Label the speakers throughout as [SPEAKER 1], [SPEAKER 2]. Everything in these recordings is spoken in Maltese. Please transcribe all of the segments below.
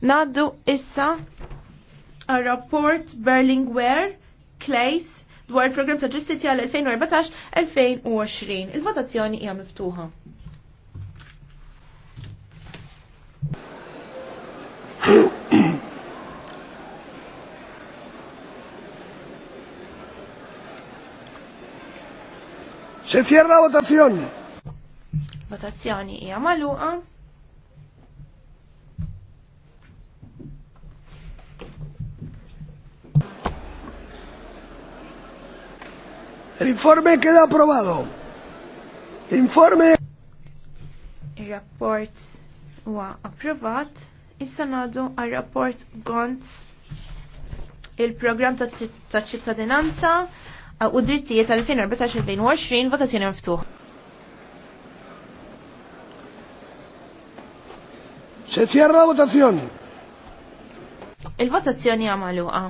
[SPEAKER 1] Naddu issa għal rapport Berlingware Clays dwar il-program ta' ġustizja għal 2014-2020. Il-votazzjoni hija miftuħa.
[SPEAKER 2] Se cierra votazzjoni.
[SPEAKER 1] Votazzjoni hija magħluqa.
[SPEAKER 2] El informe queda aprobado. Informe.
[SPEAKER 1] Il-rapport huwa approvat. Issa ngħadu al rapport Gonz il program ta' ċittadinanza u drittijiet tal-2014-2020 votazzjoni miftuħ.
[SPEAKER 2] Se cierra la votazzjoni.
[SPEAKER 1] Il-votazzjoni għamaluqa.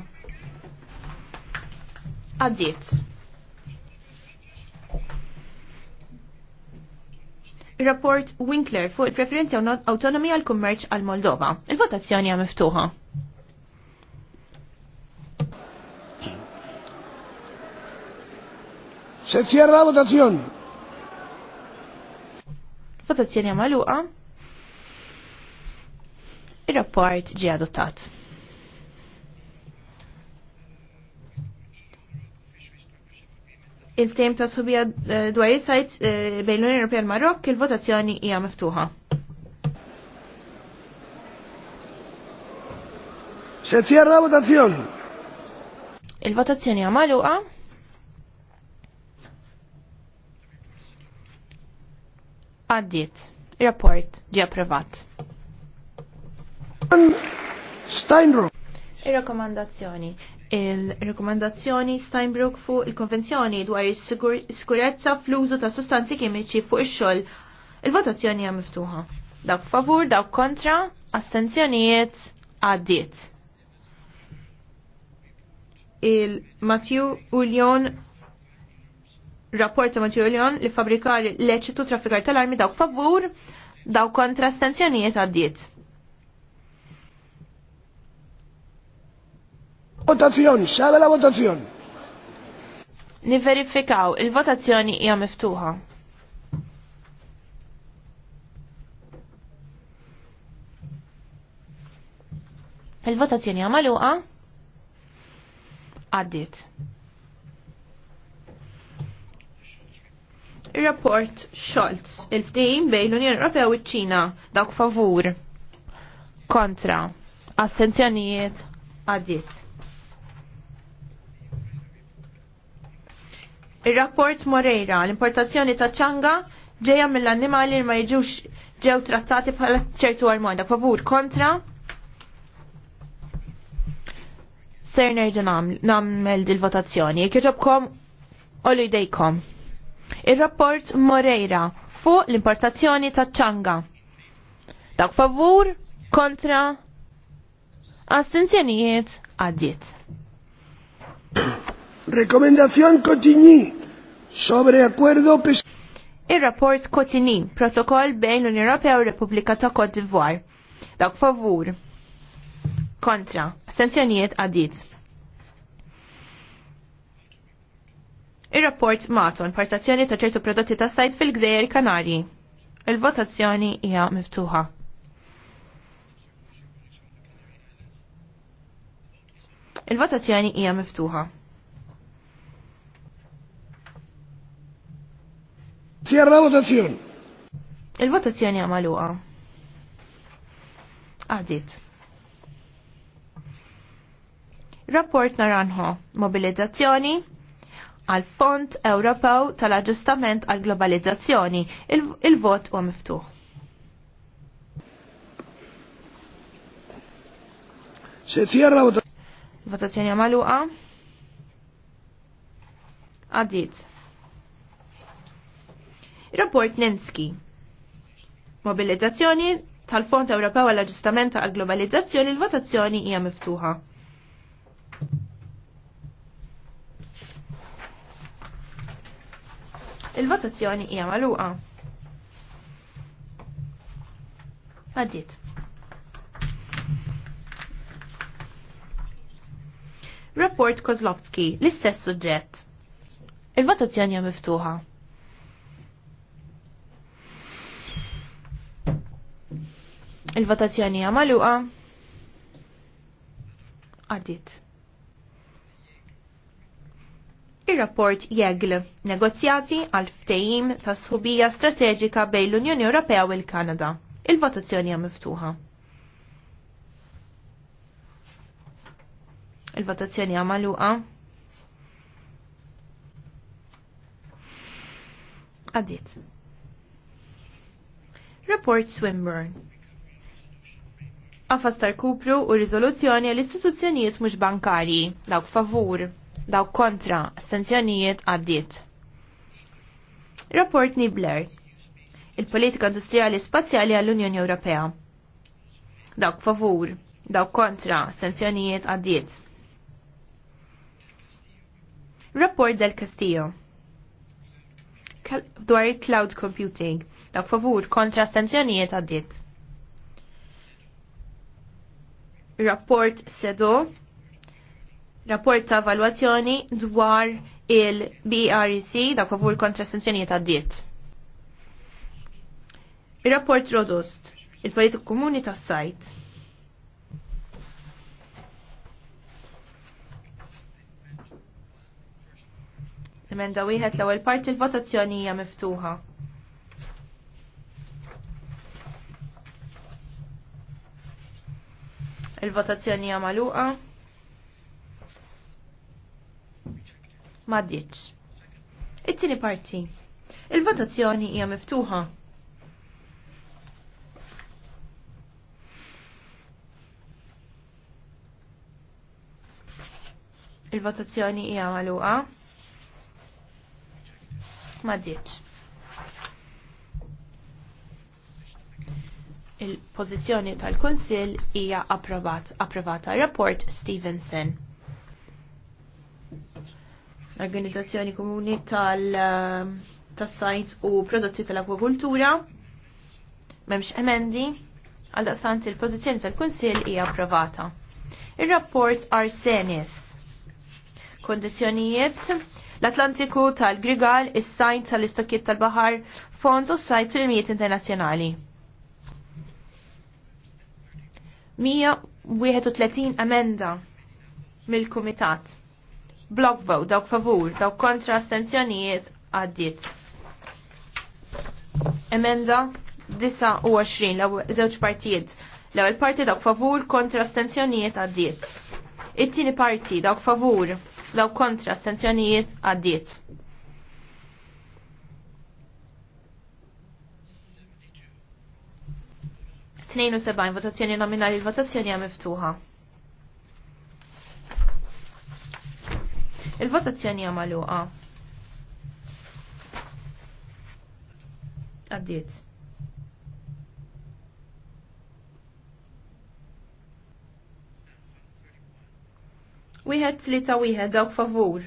[SPEAKER 1] Għaddiet. rapport Winkler fuq il u autonomi għal kummerċ għal Moldova. Il-votazzjoni għam miftuħa.
[SPEAKER 2] Se cierra la votazzjoni.
[SPEAKER 1] Votazzjoni għam Il-rapport ġi adottat. il-tem ta' subija eh, dwar il-sajt eh, bejn l-Unjoni Ewropea l-Marok il-votazzjoni hija miftuħa.
[SPEAKER 2] Se tjerra votazzjoni.
[SPEAKER 1] Il-votazzjoni hija magħluqa. Għaddiet. Rapport ġi approvat. Steinrock. Ir-rakkomandazzjoni il-rekomendazzjoni Steinbrook fuq il-konvenzjoni dwar is-sikurezza fl-użu ta' sustanzi kimiċi fuq ix-xogħol. Il-votazzjoni hija miftuħa. Dawk favur, dawk kontra, astenzjonijiet għaddiet. Il-Matthew Uljon rapporta Matthew Uljon li fabrikar leċitu traffikar tal-armi dawk favur, dawk kontra astenzjonijiet għaddiet.
[SPEAKER 2] Votazzjoni, xabe la votazzjoni.
[SPEAKER 1] Niverifikaw, il-votazzjoni hija miftuħa. Il-votazzjoni hija magħluqa għaddiet. Rapport Scholz, il-ftehim bejn l-Unjoni Ewropea u ċ-Ċina dawk favur kontra astenzjonijiet għaddiet. Il-rapport Moreira, l-importazzjoni ta' ċanga ġeja mill-annimali li ma jiġux ġew trattati bħala ċertu armada. Favur kontra. Ser nerġa' namel dil-votazzjoni. Jekk jogħġobkom ollu jdejkom. Il-rapport Moreira fuq l-importazzjoni ta' ċanga. Dak favur kontra astenzjonijiet għaddiet.
[SPEAKER 2] Rekomendazzjon Cotigny sobre
[SPEAKER 1] Ir-rapport kotini, protokoll bejn l-Unjoni Ewropea u Repubblika ta' Cote d'Ivoire. Dak favur. Kontra. Sanzjonijiet għadit. Ir-rapport matu importazzjoni ta' ċertu prodotti ta' sajt fil-Gżejjer Kanarji. Il-votazzjoni hija miftuħa. Il-votazzjoni hija miftuħa.
[SPEAKER 2] Cierra votazzjoni.
[SPEAKER 1] Il-votazzjoni għamaluqa. Għadit. Rapport naranħo. Mobilizzazzjoni għal Fond Ewropew tal-Aġġustament għal Globalizzazzjoni. Il-vot il huwa miftuħ. Se votazzjoni. Votazzjoni għamaluqa. Għadit. Rapport Nenski. Mobilizzazzjoni tal-Fond Ewropew għall aġġustament għal globalizzazzjoni il-votazzjoni hija miftuħa. Il-votazzjoni hija magħluqa. Għaddiet. Rapport Kozlovski, l-istess suġġett. Il-votazzjoni hija miftuħa. Il-votazzjoni hija magħluqa. Għaddit. Ir-rapport jegle negozjati għal ftejim ta' sħubija strateġika bejn l-Unjoni Ewropea u l-Kanada. Il-votazzjoni hija miftuħa. il-votazzjoni għamaluqa. Għaddit. Report Swinburne għafas tal-kupru u rizoluzzjoni għall-istituzzjonijiet mhux bankarji, dawk favur, dawk kontra, sanzjonijiet għaddiet. Rapport Nibler Il-politika industriali spazjali għall-Unjoni Ewropea. Dawk favur, dawk kontra, sanzjonijiet għaddiet. Rapport del Castillo dwar cloud computing. Dawk favur kontra sanzjonijiet għaddiet. rapport sedo, rapport ta' valwazzjoni dwar il brc e da' favur kontra sanzjoni ta' diet. Il-rapport Rodost, il-politik komuni ta' sajt. Emenda wieħed l-ewwel parti il-votazzjoni hija miftuħa. Il-votazzjoni hija maddiċ. It-tieni parti. Il-votazzjoni hija miftuħa. Il-votazzjoni hija magħluqa. Ma ditx. il-pożizzjoni tal-Kunsill hija approvat, approvata. Rapport Stevenson. Organizzazzjoni Komuni tal- eh, tas-sajt u prodotti tal-akwakultura. Memx emendi, għal daqsant il-pożizzjoni tal-Kunsill hija approvata. Ir-rapport Arsenis. Kondizzjonijiet l-Atlantiku tal-Grigal, is-sajt tal-istokkiet tal-Bahar, fond u sajt tal miet internazzjonali. 131 amenda mill-Kumitat. Block vote, dawk favur, dawk kontra astenzjonijiet għaddiet. Emenda 29, l żewġ partijiet. L-ewwel parti dawk favur kontra astenzjonijiet għaddiet. It-tieni parti dawk favur, dawk kontra astenzjonijiet għaddiet. 72 votazzjoni nominali il-votazzjoni hija miftuħa. Il-votazzjoni hija magħluqa. Għaddiet. Wieħed tlieta wieħed dawk favur.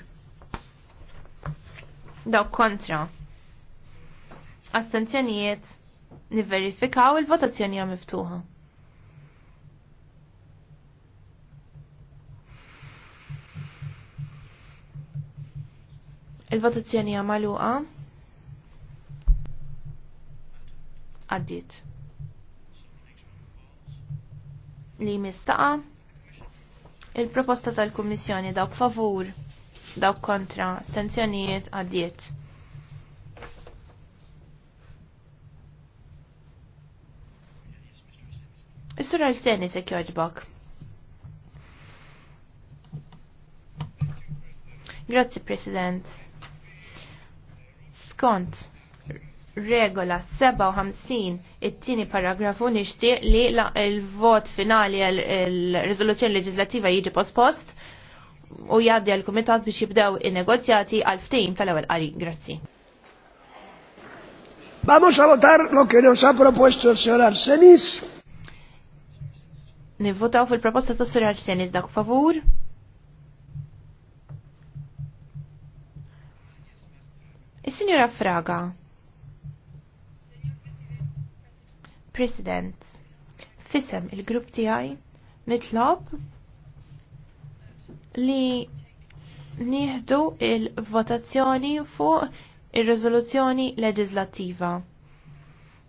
[SPEAKER 1] Dawk kontra. Astenzjonijiet niverifikaw il-votazzjoni hija miftuħa. Il-votazzjoni hija magħluqa. Għaddiet. Li mistaqa. Il-proposta tal-Kummissjoni dawk favur, dawk kontra, stenzjonijiet għaddiet. is l-seni se kjoġbok. Grazzi President. Skont regola 57 it tini paragrafu nishti li il-vot finali il-riżoluzzjoni leġislativa jiġi post-post u jaddi għal komitat biex jibdew il negozjati għal ftehim tal ewel għari. Grazzi.
[SPEAKER 2] Vamos a votar lo que nos ha propuesto el señor Arsenis. Nivvotaw
[SPEAKER 1] fil-proposta ta' Sur Arsenis dak favur. is sinjora Fraga. President, fisem il-grupp tiegħi nitlob li nieħdu il-votazzjoni fuq ir-riżoluzzjoni leġislattiva.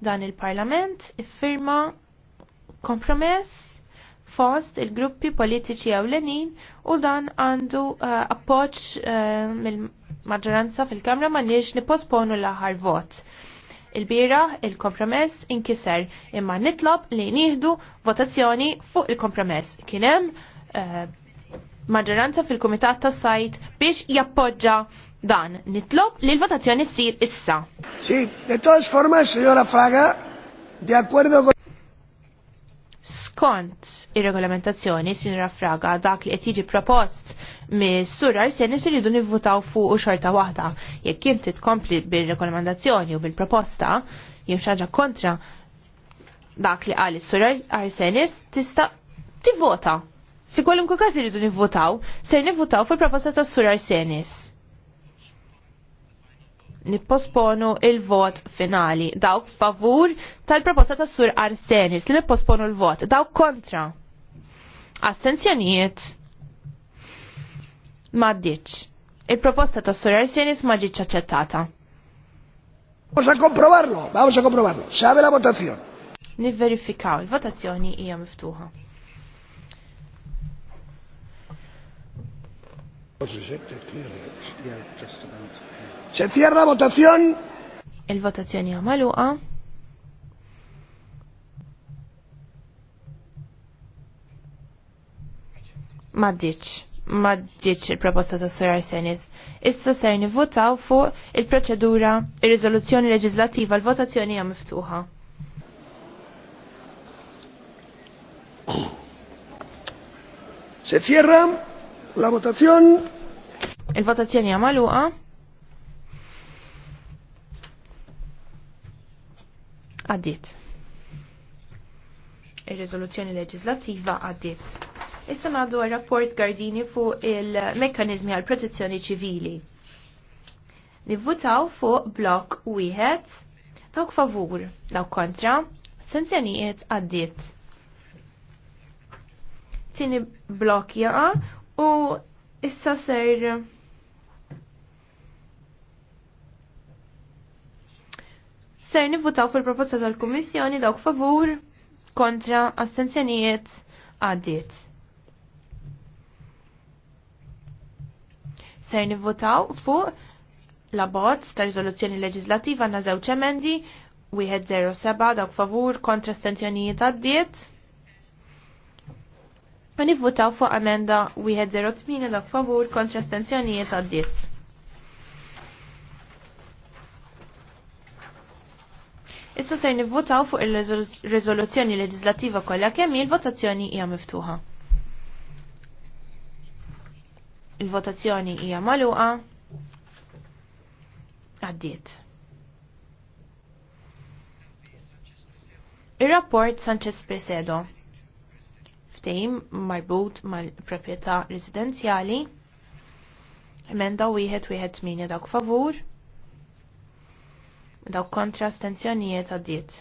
[SPEAKER 1] Dan il-Parlament iffirma kompromess fost il-gruppi politiċi ewlenin u dan għandu uh, eh, appoċ uh, eh, mill-maġġoranza fil-Kamra ma nix nipposponu l-aħħar vot. Il-bira, il-kompromess inkiser imma nitlob li nieħdu votazzjoni fuq il-kompromess. Kienem uh, eh, maġġoranza fil-Kumitat tas sajt biex jappoġġa dan. Nitlob li l-votazzjoni ssir issa.
[SPEAKER 2] Sì, de todas formas, signora Fraga, de acuerdo con
[SPEAKER 1] skont ir-regolamentazzjoni sin fraga dak li qed jiġi propost mis surar se nis iridu nivvutaw fuq u xorta waħda. Jekk kien titkompli bil-rekomendazzjoni u bil-proposta jew xaġa kontra dak li qal is-surar Arsenis tista' tivvota. Fi kwalunkwe każ iridu nivvotaw, ser nivvotaw fil-proposta tas-surar Arsenis nipposponu il-vot finali. Dawk favur tal-proposta ta' sur Arsenis li nipposponu il-vot. Dawk kontra. Assenzjonijiet. Maddiċ. Il-proposta ta' sur Arsenis maġiċ ġiċ accettata. Vamos a comprobarlo, vamos a comprobarlo. Sabe la votazione. Niverifikaw, il-votazzjoni hija miftuħa.
[SPEAKER 2] Was it that theory? Yeah, just about. Se cierra votazzjon. Il-votazzjoni maluqa.
[SPEAKER 1] Maddiċ. Maddiċ il-proposta ta' Sir Arsenis. Issa ser nivvotaw fuq il-proċedura, il-rizoluzzjoni leġislativa, l-votazzjoni hija miftuħa.
[SPEAKER 2] Se cierra la votazzjoni.
[SPEAKER 1] Il-votazzjoni hija maluqa. għaddit. Ir-riżoluzzjoni leġislattiva għaddiet. Issa għadu rapport Gardini fuq il-mekkanizmi għal protezzjoni ċivili. Nivvutaw fuq blok wieħed dawk favur, dawk kontra, sanzjonijiet għaddit. Tini blok jaqa u issa ser Ser nivvutaw fil-proposta tal-Kummissjoni dawk favur kontra astenzjonijiet għaddiet. Ser nivvutaw fuq l-abbozz ta' riżoluzzjoni leġislativa na żewġ emendi 107 dawk favur kontra astenzjonijiet għaddiet. Nivvutaw fuq amenda 108 dak favur kontra astenzjonijiet għaddiet. Issa ser nivvotaw fuq il-rezoluzzjoni leġislativa kollha kemm il-votazzjoni hija miftuħa. Il-votazzjoni hija magħluqa. Għaddiet. Ir-rapport Sanchez Presedo ftehim marbut mal-proprjetà residenzjali emenda wieħed wieħed minja dak favur daw kontra stenzjonijiet għaddiet.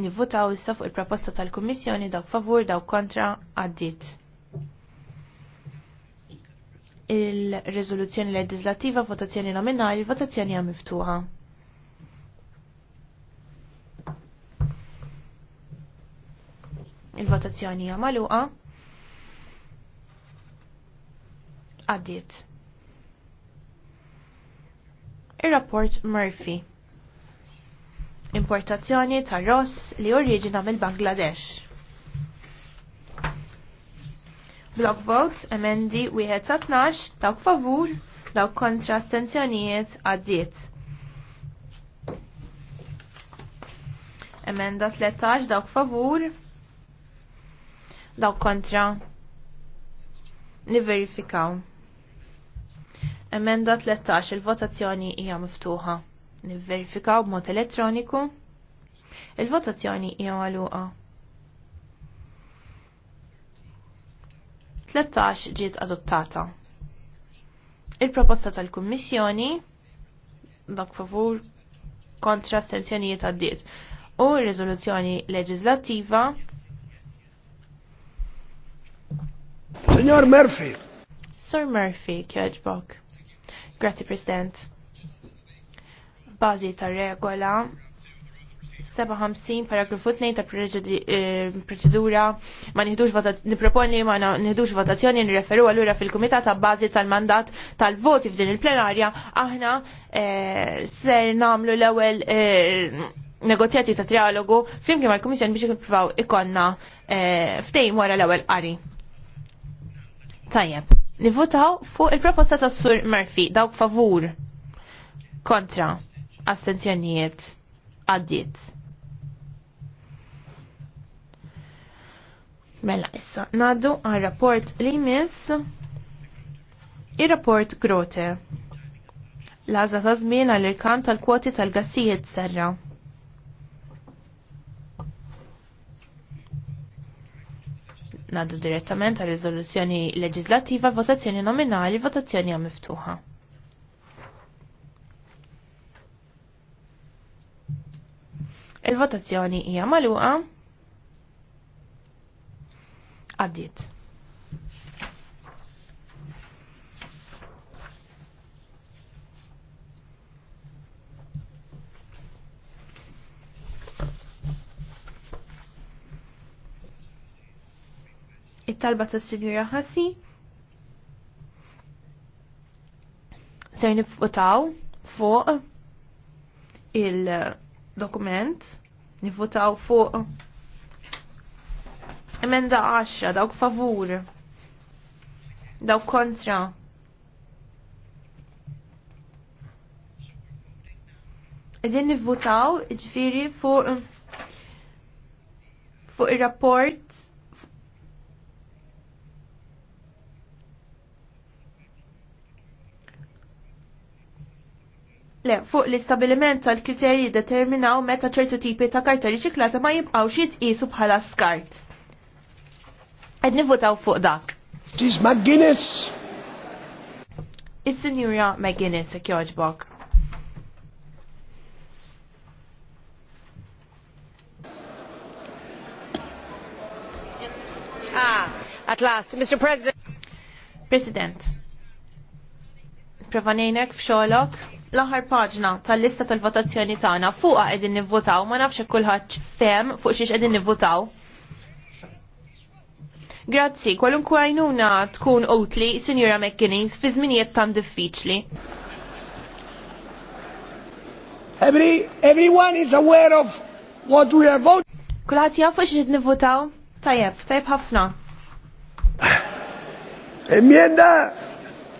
[SPEAKER 1] Nivvutaw issa fuq il-proposta tal-Kummissjoni daw favur daw kontra għaddiet. Il-rezoluzzjoni legislativa votazzjoni nominali votazzjoni għamiftuħa. miftuħa. Il-votazzjoni għamaluqa għaddiet ir-rapport Murphy. Importazzjoni ta' ross li oriġina mill-Bangladesh. Block vote, emendi 1-12, dawk favur, dawk kontra astenzjonijiet għaddiet. Emenda 13, dawk favur, dawk kontra. Niverifikaw. verifikaw Emenda 13, il-votazzjoni hija miftuħa. Nivverifikaw b'mod elettroniku. Il-votazzjoni hija magħluqa. 13 ġiet adottata. Il-proposta tal-Kummissjoni dak favur kontra astenzjonijiet għaddiet u r-riżoluzzjoni leġislattiva.
[SPEAKER 2] Signor Murphy.
[SPEAKER 1] Sir Murphy, kjoġbok. Grazzi President. Bazi ta' regola 57 paragrafu 2 ta' eh, proċedura ma nieħdux votazzjoni niproponi ma nieħdux votazzjoni nirreferu allura fil-kumitat ta' bażi tal-mandat tal-voti f'din il-plenarja aħna eh, ser namlu l-ewwel eh, negozjati ta' trialogu flimkien mal-Kummissjoni biex nippruvaw ikonna ftejn wara l-ewwel qari. Tajjeb. Nivotaw fuq il-proposta ta' Sur Murphy, dawk favur. Kontra. Astenzjonijiet. Għaddiet. Mela, issa, naddu għal rapport li mis il-rapport Grote. Laza ta' zmin għal-irkan tal-kwoti tal-gassijiet serra. Ngħaddu direttament għal riżoluzzjoni leġislattiva, votazzjoni nominali, votazzjoni miftuħa. Il-votazzjoni hija magħluqa. Għaddiet. it-talba ta' Sinjura Ħassi ser nifvotaw fuq il-dokument, nifvotaw fuq emenda għaxa dawk favur, dawk kontra. Edin nivvutaw ġviri jiġifieri, fuq fuq il-rapport Le, fuq l-istabiliment tal-kriterji determinaw meta ċertu tipi ta' karta riċiklata ma jibqawx jitqisu bħala skart. Qed nivvotaw fuq dak. Ġiż McGuinness. Is-Sinjura McGuinness jekk jogħġbok. Ah, at last, Mr. President. President, provanejnek f'xolok l-aħħar paġna tal-lista tal-votazzjoni tagħna fuqha qegħdin nivvotaw, ma nafx kulħadd fehm fuq xiex qegħdin nivvotaw. Grazzi, kwalunkwe għajnuna tkun utli, Sinjura McKinney, fi żminijiet tan diffiċli. Every, everyone is aware of what we are voting. Kulħadd jafu x'qed nivvotaw? Tajjeb, tajjeb ħafna.
[SPEAKER 2] Emienda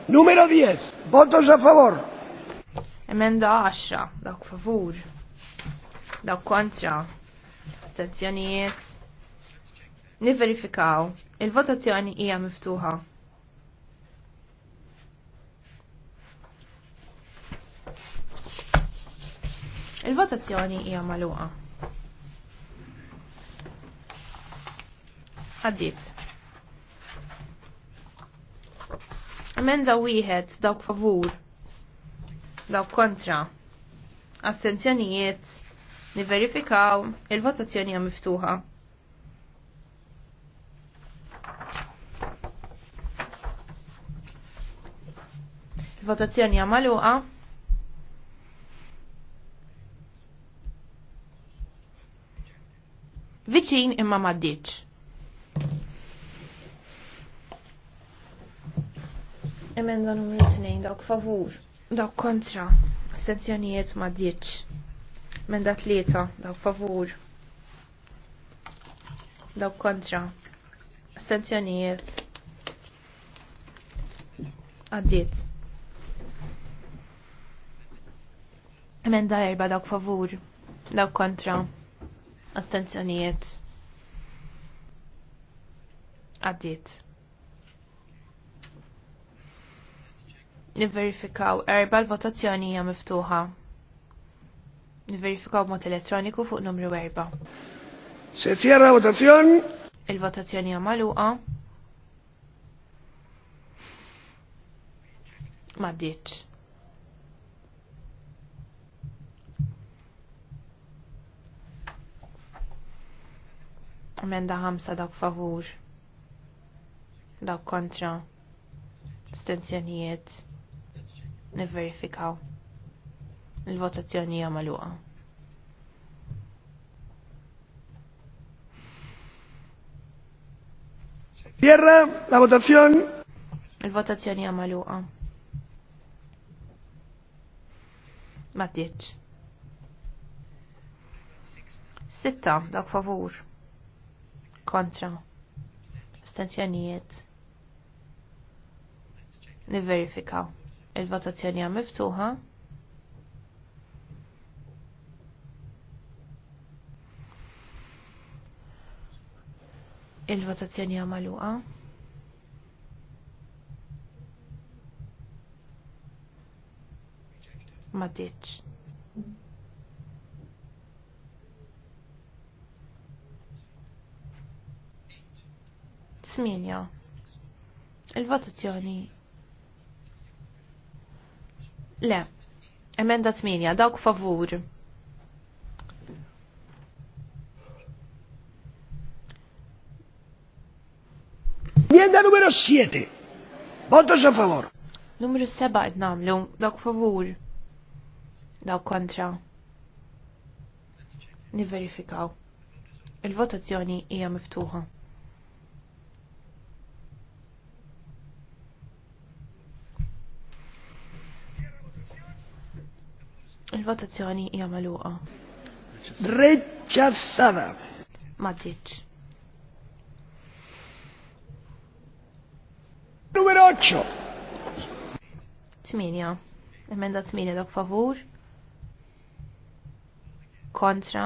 [SPEAKER 2] numero 10. Votos a favor.
[SPEAKER 1] Emenda 10, dak favur, dak kontra, stazzjonijiet. Niverifikaw, il-votazzjoni hija miftuħa. Il-votazzjoni hija magħluqa. Għaddit. Emenda wieħed dak favur, law kontra. Astenzjonijiet niverifikaw il-votazzjoni hija miftuħa. Il-votazzjoni hija magħluqa. Viċin imma m'għaddiċ. Emenda numru 2 dawk favur Daw kontra, astenzjonijiet ma ddiċ. Menda tlieta, daw favur. Daw kontra, astenzjonijiet għaddiet. Menda erba dawk favur, dawk kontra, astenzjonijiet għaddiet. Niverifikaw erba l-votazzjoni hija miftuħa. Niverifikaw b'mod elettroniku fuq numru erba.
[SPEAKER 2] Se tjera votazzjoni?
[SPEAKER 1] Il-votazzjoni hija magħluqa. Ma ddiċ. Amenda ħamsa dak favur. Dawk kontra. Stenzjonijiet nifverifikaw Il-votazzjoni hija magħluqa.
[SPEAKER 2] Tierra, la votazzjoni.
[SPEAKER 1] Il-votazzjoni hija magħluqa. Ma Sitta, dak favur. Kontra. Stanzjonijiet. Niverifikaw il-votazzjoni għam miftuħa. Il-votazzjoni għam maluqa. Ma ditx. Sminja. Il-votazzjoni Le, emenda 8, dawk favur.
[SPEAKER 2] Mienda numero 7. Voto a favor.
[SPEAKER 1] Numru 7 qed nagħmlu, dawk favur. Dawk kontra. Niverifikaw. Il-votazzjoni hija miftuħa. Il-votazzjoni hija magħluqa. Reċċazzata. Ma ġietx. Numero 8. Tminja. Emenda 8 dak favur. Kontra.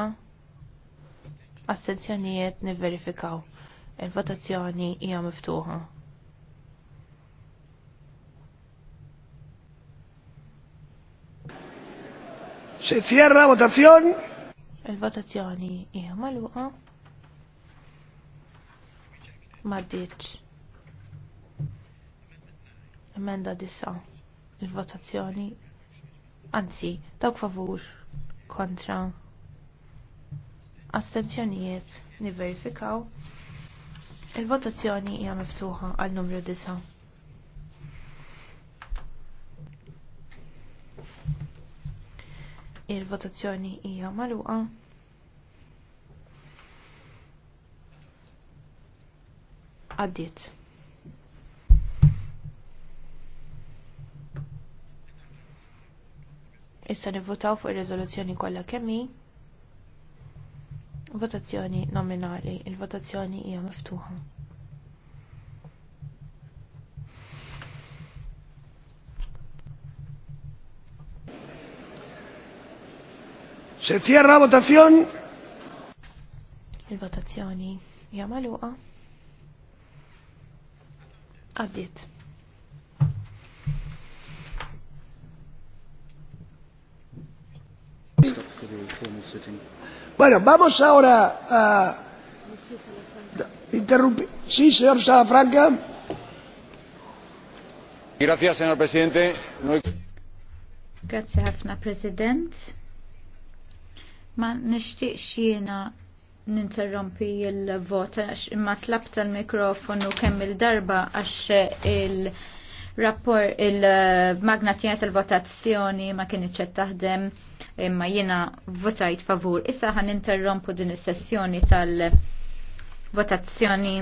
[SPEAKER 1] Astenzjonijiet nivverifikaw. Il-votazzjoni hija miftuħa.
[SPEAKER 2] Se cierra
[SPEAKER 1] votazzjoni. Il-votazzjoni hija magħluqa. Maddiċ. Emenda disa. Il-votazzjoni. Anzi, dawk favur kontra astenzjonijiet niverifikaw il-votazzjoni hija miftuħa għal numru 9. il-votazzjoni hija magħluqa. Għaddiet. Issa nivvotaw fuq ir-riżoluzzjoni kollha kemm hi. Votazzjoni nominali, il-votazzjoni hija miftuħa.
[SPEAKER 2] Se tjerra votazzjoni?
[SPEAKER 1] Il-votazzjoni hija magħluqa. Għaddiet.
[SPEAKER 2] Bueno, vamos ahora a... Interrumpir. Sí, señor Salafranca. Gracias, señor presidente. No...
[SPEAKER 3] Grazie, ħafna, president. Ma nishtiq jiena ninterrompi il-vot imma tlab tal-mikrofonu kemm il-darba għax il-rapport il-magna il votazzjoni ma kien iċċed taħdem imma jiena votajt favur. Issa ħan interrompu din is-sessjoni tal-votazzjoni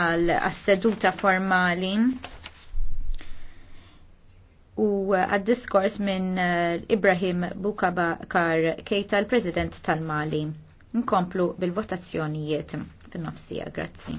[SPEAKER 3] għal asseduta formali u għad-diskors minn eh, Ibrahim Bukabakar Keita, l-President tal-Mali. Nkomplu bil-votazzjonijiet fin-nofsija, grazzi.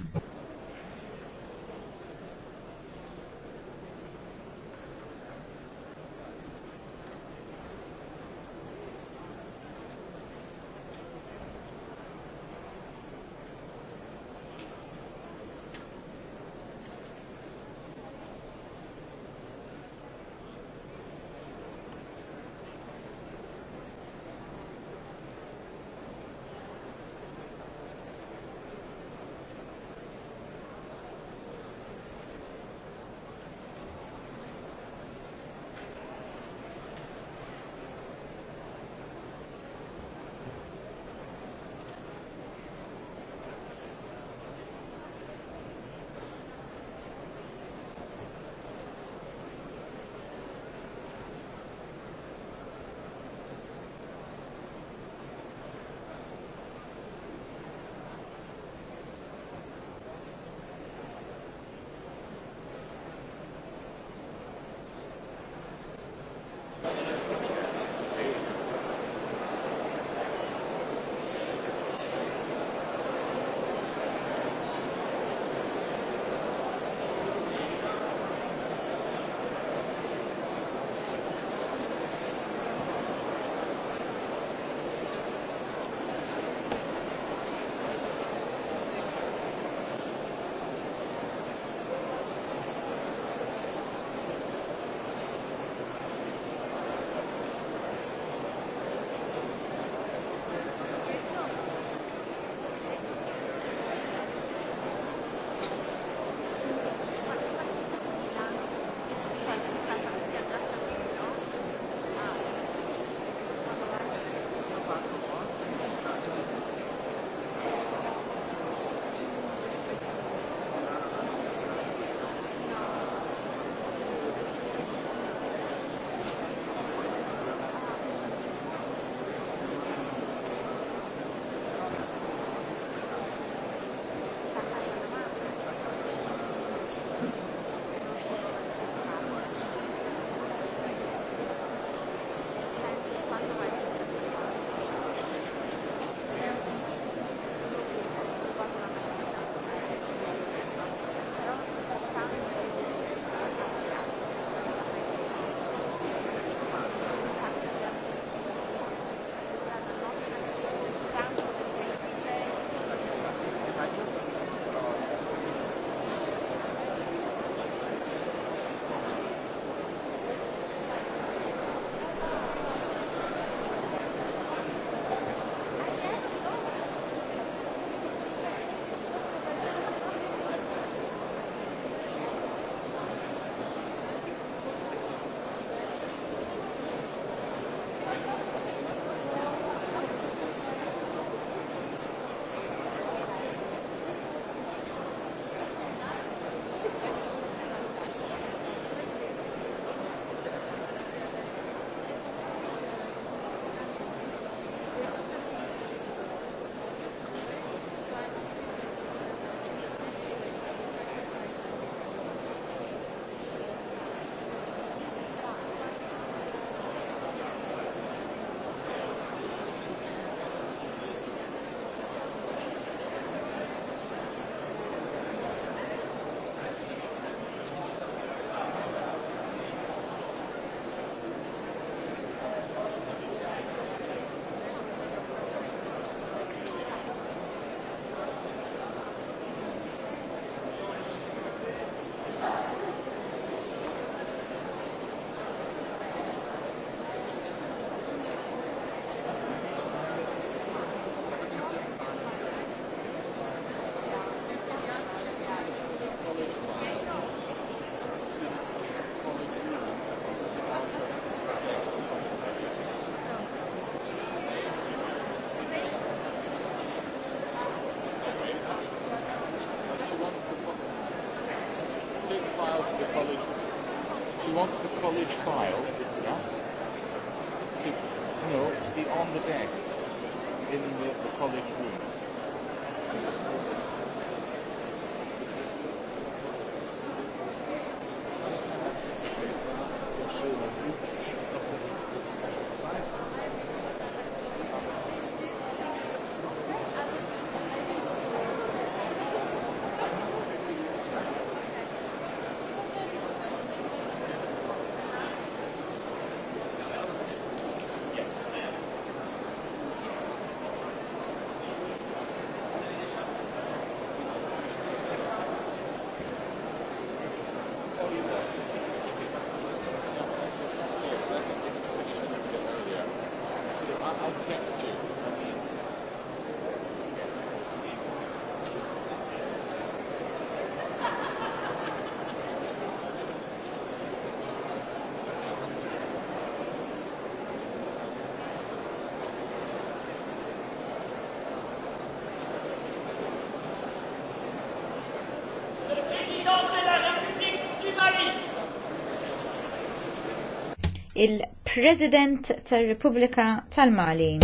[SPEAKER 3] il-President tal-Republika tal-Mali.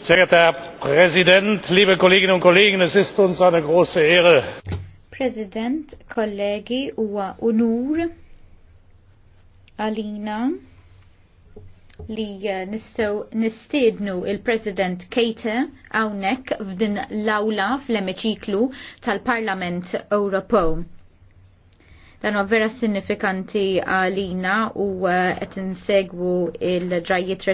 [SPEAKER 1] Sehr geehrter Herr Präsident, liebe Kolleginnen und Kollegen, es ist uns eine große
[SPEAKER 3] Ehre. President, kollegi, huwa unur Alina li eh, nistaw nistednu il-President Kate għawnek f'din l-awla fl emeċiklu tal-Parlament Ewropew. Dan huwa vera sinifikanti għalina u eh, qed insegwu il ġajiet